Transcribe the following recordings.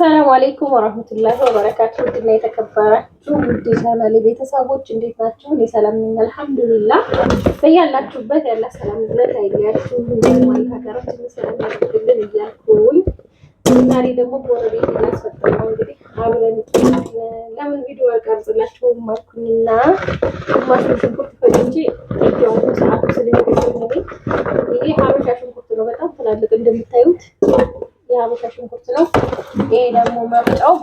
አሰላሙ አሌይኩም ወረህመቱላሂ ወበረካቱ። ውድና የተከበራችሁ ውድ ቻናሌ ቤተሰቦች እንዴት ናችሁ? እኔ ሰላም ነኝ፣ አልሐምዱሊላህ። በያላችሁበት ያለ ሰላም ዝነት አይለያችሁ፣ እንደማለት ሀገራችን ሰላም ያድርግልን እያልኩኝ ዛሬ ደግሞ ጎረቤት እናስፈጠነው እንግዲህ አብረን ለምን ቪዲዮ አልቀርጽላችሁም ማልኩኝና ግማሽ ሽንኩርት ፈጭቼ እጃውን ሰዓቱ ስለሚገኝ ይሄ ሀበሻ ሽንኩርት ነው። በጣም ትላልቅ እንደምታዩት የሀበሻ ሽንኩርት ነው። ይሄ ደግሞ መፍጫው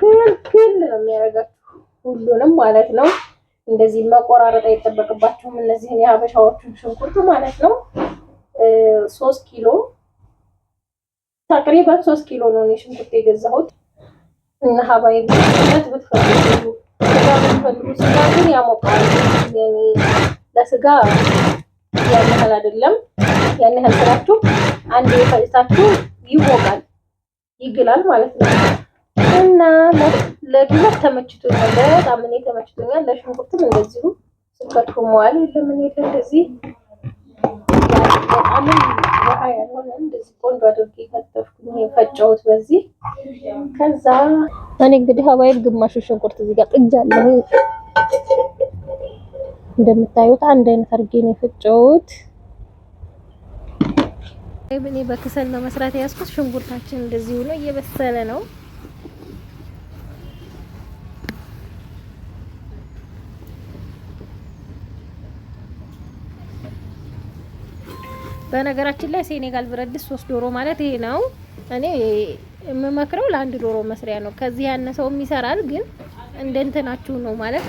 ክልክል ነው የሚያደርጋችሁ ሁሉንም ማለት ነው። እንደዚህ መቆራረጥ አይጠበቅባችሁም። እነዚህን የሀበሻዎቹን ሽንኩርት ማለት ነው ሶስት ኪሎ ተቅሪበን ሶስት ኪሎ ነው እኔ ሽንኩርት የገዛሁት እና ሀባይ ብትፈልጉ ስጋ ብትፈልጉ ስጋ ግን ያሞቃል። ለስጋ ያን ያህል አይደለም። ያን ያህል ስላችሁ አንድ የፈጭታችሁ ይሞቃል ይግላል ማለት ነው። እና ለግለት ተመችቶኛል፣ በጣም እኔ ተመችቶኛል። ለሽንኩርትም እንደዚሁ ስከትፎ መዋል ለምን እንደዚህ በጣም ውሃ ያልሆነ እንደዚህ ቆንጆ አድርጌ ከተፍኩኝ የፈጨሁት በዚህ ከዛ እኔ እንግዲህ ሀባይብ ግማሹ ሽንኩርት እዚህ ጋር ጥጃለሁ። እንደምታዩት አንድ አይነት አድርጌ ነው የፈጨሁት። እኔ በክሰል ለመስራት ያስኩት ሽንኩርታችን እንደዚህ ሆኖ እየበሰለ ነው። በነገራችን ላይ ሴኔጋል ብረት ድስት ሶስት ዶሮ ማለት ይሄ ነው። እኔ የምመክረው ለአንድ ዶሮ መስሪያ ነው። ከዚህ ያነሰውም ይሰራል፣ ግን እንደንትናችሁ ነው ማለት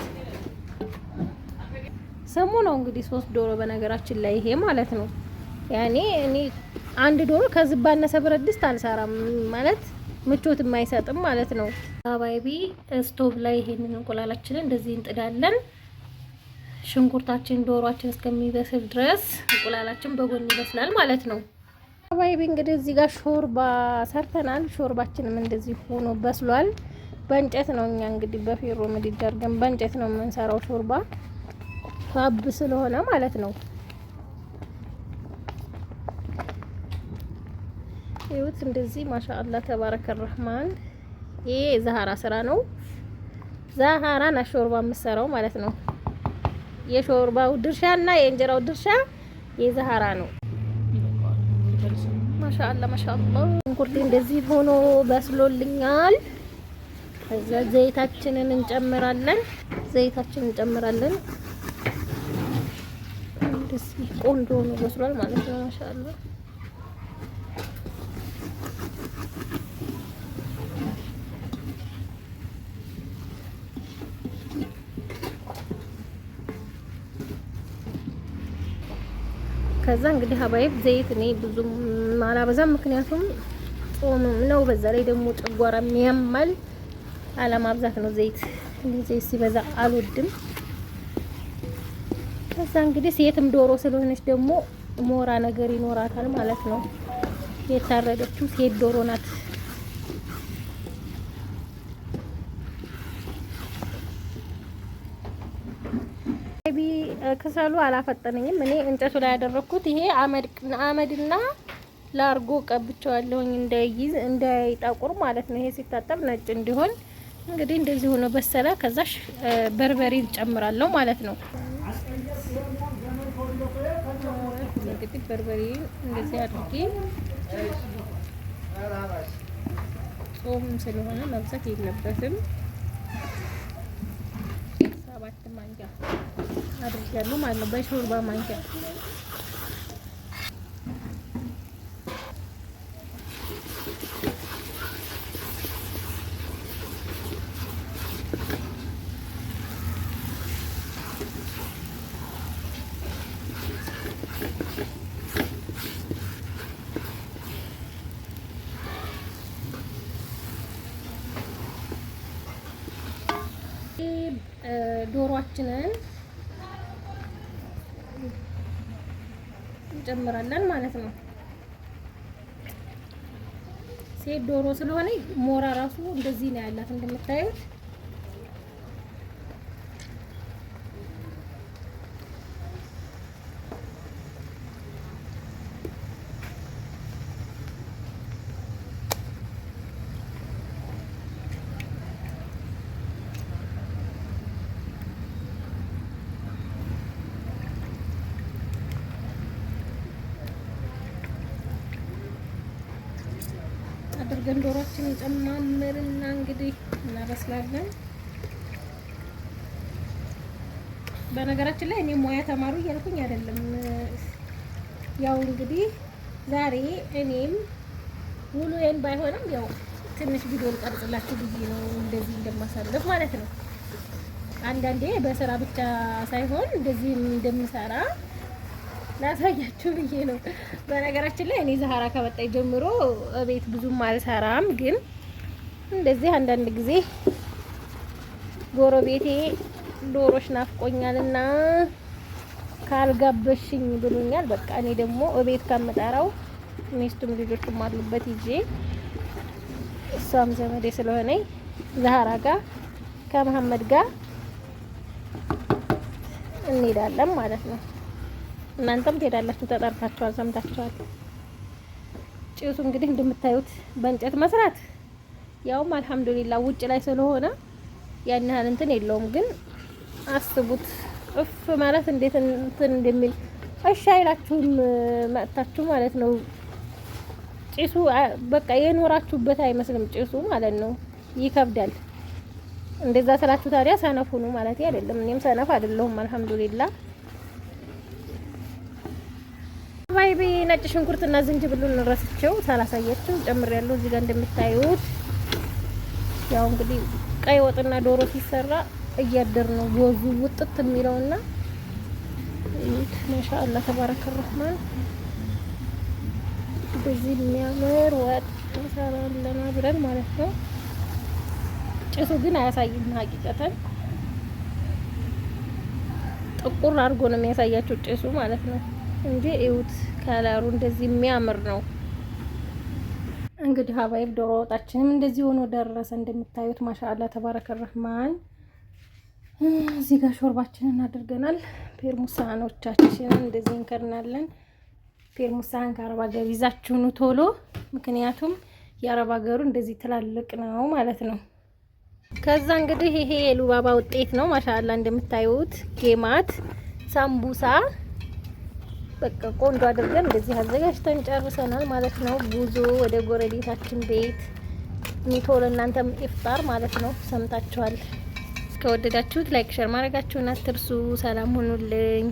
ስሙ ነው እንግዲህ ሶስት ዶሮ በነገራችን ላይ ይሄ ማለት ነው። ያኔ እኔ አንድ ዶሮ ከዚህ ባነሰ ብረት ድስት አልሰራም ማለት ምቾት የማይሰጥም ማለት ነው። አባይቢ ስቶቭ ላይ ይሄንን እንቁላላችንን እንደዚህ እንጥዳለን። ሽንኩርታችን፣ ዶሮችን እስከሚበስል ድረስ እንቁላላችን በጎን ይበስላል ማለት ነው። አባይቢ እንግዲህ እዚህ ጋር ሾርባ ሰርተናል። ሾርባችንም እንደዚህ ሆኖ በስሏል። በእንጨት ነው እኛ እንግዲህ በፌሮ ምድጃ አድርገን በእንጨት ነው የምንሰራው ሾርባ ሀብ ስለሆነ ማለት ነው። ይሁት እንደዚህ ማሻአላ ተባረከ ረህማን። ይሄ ዛሃራ ስራ ነው። ዛሃራ ና ሾርባ የምትሰራው ማለት ነው። የሾርባው ድርሻ እና የእንጀራው ድርሻ የዛሃራ ነው። ማሻአላ ማሻአላ። ሽንኩርቴ እንደዚህ ሆኖ በስሎልኛል። ከዛ ዘይታችንን እንጨምራለን። ዘይታችንን እንጨምራለን። እንደዚህ ቆንጆ ነው በስሏል ማለት ነው። ማሻአላ ከዛ እንግዲህ ሀባይብ ዘይት እኔ ብዙም አላበዛም፣ ምክንያቱም ጾምም ነው። በዛ ላይ ደግሞ ጭጓራ የሚያማል አለማብዛት ነው። ዘይት ዘይት ሲበዛ አልወድም። ከዛ እንግዲህ ሴትም ዶሮ ስለሆነች ደግሞ ሞራ ነገር ይኖራታል ማለት ነው። የታረደችው ሴት ዶሮ ናት። ክሰሉ አላፈጠነኝም። እኔ እንጨቱ ላይ ያደረኩት ይሄ አመድና ላርጎ ቀብቸዋለሁኝ እንዳይይዝ እንዳይጠቁር ማለት ነው። ይሄ ሲታጠብ ነጭ እንዲሆን እንግዲህ እንደዚህ ሆኖ በሰለ። ከዛሽ በርበሬ ጨምራለሁ ማለት ነው። እንግዲህ በርበሬ እንደዚህ አድርጌ ጾም ስለሆነ መብዛት የለበትም። వాటి మంచిగా అది ఇట్లా మళ్ళీ బయట చూడబా మంచిగా ዶሯችንን እንጨምራለን ማለት ነው። ሴት ዶሮ ስለሆነ ሞራ ራሱ እንደዚህ ነው ያላት እንደምታዩት። አድርገን ዶሯችንን ጨማምርና እንግዲህ እናበስላለን። በነገራችን ላይ እኔ ሙያ ተማሩ እያልኩኝ አይደለም። ያው እንግዲህ ዛሬ እኔም ሙሉዬን ባይሆንም ያው ትንሽ ቪዲዮ ልቀርጽላችሁ ብዬ ነው እንደዚህ እንደማሳለፍ ማለት ነው። አንዳንዴ በስራ ብቻ ሳይሆን እንደዚህ እንደምሰራ ላሳያችሁ ብዬ ነው። በነገራችን ላይ እኔ ዛህራ ከመጣች ጀምሮ ቤት ብዙም አልሰራም፣ ግን እንደዚህ አንዳንድ ጊዜ ጎረቤቴ ዶሮች ናፍቆኛልና ካልጋበሽኝ ብሎኛል። በቃ እኔ ደግሞ እቤት ከምጠራው ሚስቱም ልጆችም አሉበት ይዤ እሷም ዘመዴ ስለሆነ ዛህራ ጋር ከመሀመድ ጋር እንሄዳለን ማለት ነው። እናንተም ትሄዳላችሁ፣ ተጠርታችኋል፣ ሰምታችኋል። ጭሱ እንግዲህ እንደምታዩት በእንጨት መስራት ያውም አልሐምዱሊላ ውጭ ላይ ስለሆነ ያን ያህል እንትን የለውም። ግን አስቡት እፍ ማለት እንዴት እንትን እንደሚል እሺ አይላችሁም መጥታችሁ ማለት ነው። ጭሱ በቃ የኖራችሁበት አይመስልም ጭሱ ማለት ነው። ይከብዳል። እንደዛ ስላችሁ ታዲያ ሰነፉ ነው ማለት አይደለም። እኔም ሰነፍ አይደለሁም አልሐምዱሊላ ሀባይቢ ነጭ ሽንኩርት ሽንኩርትና ዝንጅብሉን ረስቸው ሳላሳያችሁ ጨምሬያለሁ። እዚህ ጋር እንደምታዩት ያው እንግዲህ ቀይ ወጥና ዶሮ ሲሰራ እያደር ነው ወዙ ውጥት የሚለውና ማሻአላ ተባረከ ረህማን በዚህ የሚያምር ወጥ ሰራለና ብለን ማለት ነው። ጭሱ ግን አያሳይም። ሀቂቀተን ጥቁር አድርጎ ነው የሚያሳያቸው ጭሱ ማለት ነው። እንዴ እዩት፣ ከለሩ እንደዚህ የሚያምር ነው። እንግዲህ ሀባይብ ዶሮ ወጣችንም እንደዚህ ሆኖ ደረሰ። እንደምታዩት ማሻአላ ተባረከ ረህማን። እዚህ ጋር ሾርባችንን አድርገናል። ፔርሙሳኖቻችንን እንደዚህ እንከድናለን። ፔርሙሳን ከአረብ ሀገር ቶሎ፣ ምክንያቱም የአረብ ሀገሩ እንደዚህ ትላልቅ ነው ማለት ነው። ከዛ እንግዲህ ይሄ የሉባባ ውጤት ነው። ማሻአላ እንደምታዩት ጌማት ሳምቡሳ በቃ ቆንጆ አድርገን እንደዚህ አዘጋጅተን ጨርሰናል ማለት ነው። ጉዞ ወደ ጎረቤታችን ቤት ሚቶል እናንተም ኢፍጣር ማለት ነው። ሰምታችኋል። ከወደዳችሁት ላይክ ሸር ማድረጋችሁን አትርሱ። ሰላም ሁኑልኝ።